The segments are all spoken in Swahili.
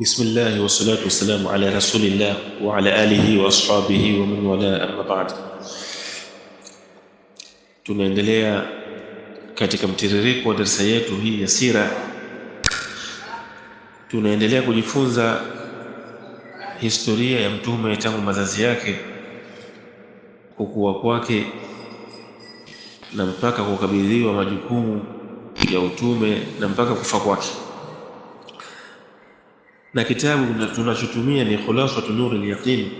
بسم الله wassalamu ala على رسول الله alihi wa ashabihi wa والاه wala, بعد Tunaendelea katika mtiririko wa darsa yetu hii ya sira, tunaendelea kujifunza historia ya mtume tangu mazazi yake, kukua kwake na mpaka kukabidhiwa majukumu ya utume na mpaka kufa kwake na kitabu tunachotumia ni Khulasatu al Yaqin.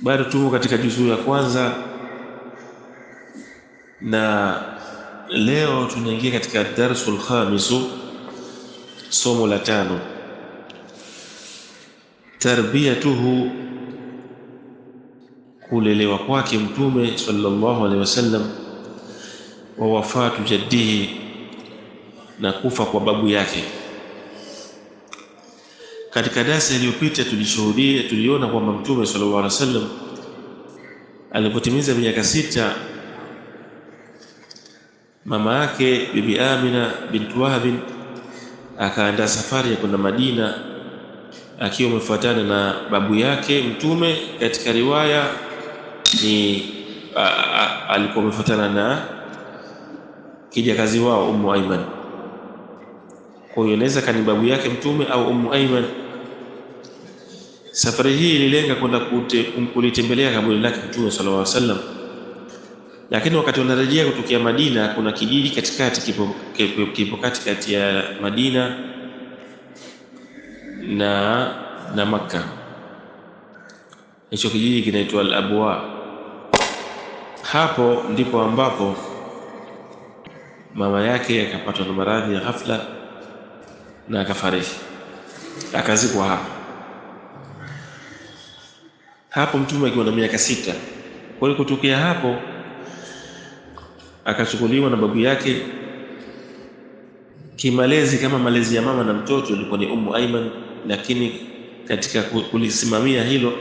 Bado tumo katika juzuu ya kwanza, na leo tunaingia katika darsul khamisu, somo la tano, tarbiyatuhu, kulelewa kwake Mtume sallallahu alaihi wasallam, wa wafatu jaddihi, na kufa kwa babu yake katika darasa iliyopita tulishuhudia, tuliona kwamba Mtume sallallahu alaihi wasallam alipotimiza miaka sita, mama yake Bibi Amina bintu Wahabin akaandaa safari ya kwenda Madina akiwa amefuatana na babu yake Mtume. Katika riwaya ni alikuwa amefuatana na kijakazi wao Ummu Aiman, kwa hiyo inaweza kani babu yake Mtume au Ummu Aiman. Safari hii ililenga kwenda kulitembelea kaburi lake Mtume sallallahu alaihi wasallam, lakini wakati wanarejea kutokea Madina, kuna kijiji katikati kipo, kipo, kipo katikati ya Madina na, na Makka. Hicho kijiji kinaitwa Al-Abwa. Hapo ndipo ambapo mama yake akapatwa na maradhi ya ghafla na akafariki, akazikwa hapo hapo mtume akiwa na miaka sita. Kwa hiyo kutokea hapo akachukuliwa na babu yake kimalezi, kama malezi ya mama na mtoto ilikuwa ni Ummu Aiman, lakini katika kulisimamia hilo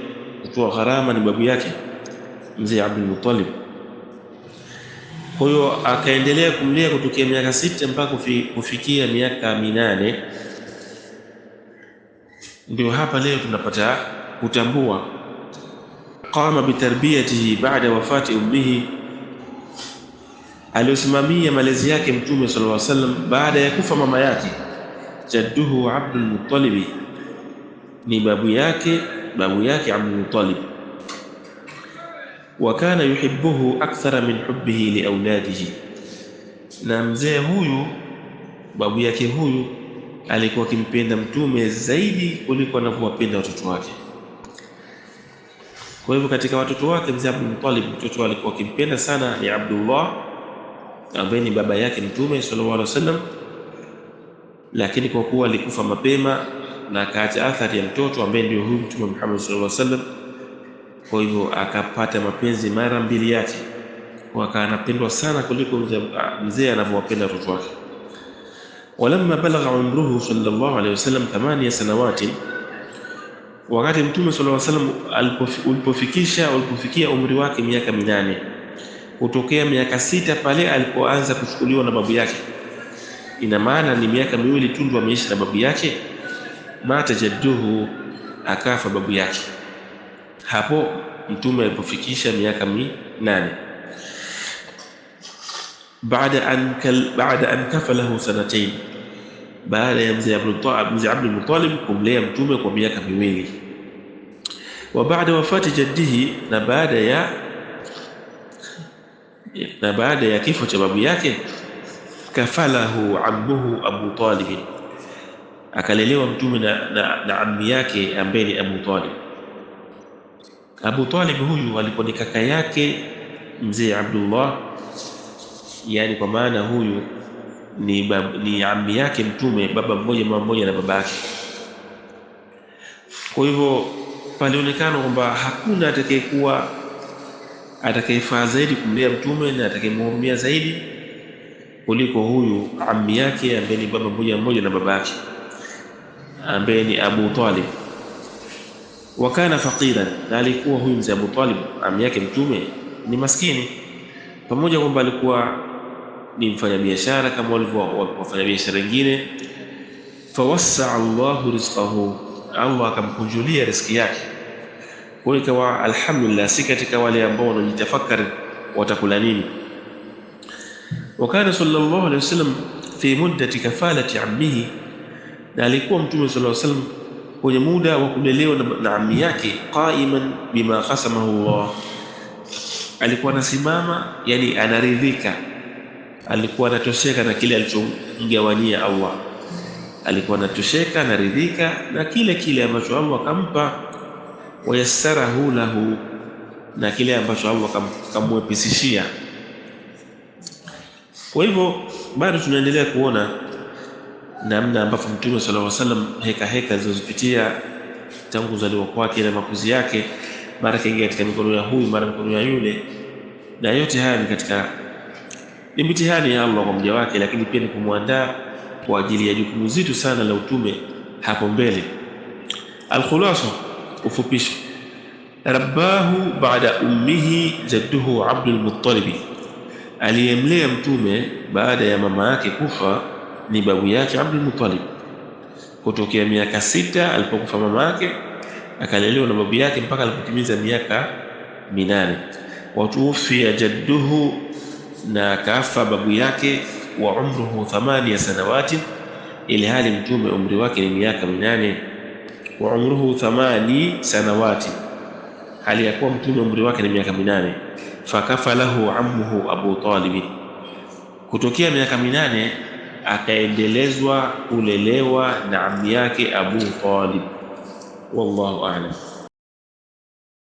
kutoa gharama ni babu yake mzee Abdul Muttalib. Kwa hiyo akaendelea kumlea kutokea miaka sita mpaka kufikia miaka minane. Ndio hapa leo tunapata kutambua qama bitarbiyatihi baada wafati ummihi, aliosimamia malezi yake Mtume sallallahu alaihi wasallam baada ya kufa mama yake. Jadduhu Abdul Muttalib, ni babu yake babu yake Abdul Muttalib. Wa kana yuhibbuhu akthara min hubbihi li auladihi, na mzee huyu babu yake huyu alikuwa akimpenda Mtume zaidi kuliko anavyowapenda watoto wake. Kwa hivyo katika watoto wake mzee Abdul Muttalib, mtoto alikuwa akimpenda sana ni Abdullah ambaye ni baba yake Mtume sallallahu alaihi wasallam, lakini kwa kuwa alikufa mapema na akaacha athari ya mtoto ambaye ndio huyu Mtume Muhammad sallallahu alaihi wasallam, kwa hivyo akapata mapenzi mara mbili yake, kwa akawa anapendwa sana kuliko mzee anavyowapenda watoto wake. Walamma balagha umruhu sallallahu alaihi wasallam thamania sanawati wakati Mtume sallallahu alaihi wasallam ulipofikisha ulipofikia umri wake miaka minane kutokea miaka sita pale alipoanza kuchukuliwa na babu yake, ina maana ni miaka miwili tu ndio ameishi na babu yake. Mata jadduhu, akafa babu yake hapo Mtume alipofikisha miaka minane. Baada an, baada an kafalahu sanatain baada ya mzee Abdul Muttalib kumlea mtume kwa miaka miwili wa baada wafati jaddihi, na baada ya na baada ya kifo cha babu yake kafalahu ammuhu Abu Talib, akalelewa mtume na, na, na ammi yake ambaye ni Abu Talib. Abu Talib huyu alikuwa ni kaka yake mzee Abdullah, yani kwa maana huyu ni, ni ammi yake Mtume, baba mmoja mama mmoja na baba yake. Kwa hivyo palionekana kwamba hakuna atakayekuwa atakayefaa zaidi kumlea Mtume na atakayemhurumia zaidi kuliko huyu ammi yake ambaye ni baba mmoja mmoja na baba yake ambaye ni Abu Talib. Wakana faqiran, na alikuwa huyu mzee Abu Talib ammi yake Mtume ni maskini, pamoja kwamba alikuwa ni mfanyabiashara kama walivyo wafanyabiashara wengine. fawassa Allahu rizqahu, Allah akamkunjulia riziki yake. Kwa ikawa alhamdulillah, si katika wale ambao wanajitafakari watakula nini. Wakana sallallahu alaihi wasallam fi muddati kafalati ammihi, na alikuwa Mtume sallallahu alaihi wasallam kwenye muda wa kulelewa na ammi yake. Qaiman bima khasamahu Allah, alikuwa anasimama, yani anaridhika alikuwa anatosheka na kile alichomgawania Allah, alikuwa anatosheka anaridhika na kile kile ambacho Allah akampa, wayassarahu lahu, na kile ambacho Allah kamwepesishia. Kwa hivyo bado tunaendelea kuona namna ambavyo Mtume sallallahu alaihi wasallam heka heka zilizopitia tangu uzaliwa kwake na makuzi yake, mara kaingia katika mikono ya huyu, mara mikono ya yule, na yote haya ni katika ni mitihani ya Allah kwa mja wake, lakini pia ni kumwandaa kwa ajili ya jukumu zito sana la utume hapo mbele. Alkhulasa, ufupisho: rabbahu baada ummihi jadduhu Abdul Muttalib, aliyemlea mtume baada ya mama yake kufa ni babu yake Abdul Muttalib. Kutokea miaka sita alipokufa mama yake akalelewa na babu yake mpaka alipotimiza miaka minane. Watuufia jadduhu na akaafa babu yake wa umruhu thamania sanawati, ili hali mtume umri wake ni miaka minane. Wa umruhu thamani sanawati, hali ya kuwa mtume umri wake ni miaka minane. Fakafa lahu ammuhu Abu Talib, kutokea miaka minane akaendelezwa kulelewa na ammi yake Abu Talib. Wallahu a'lam.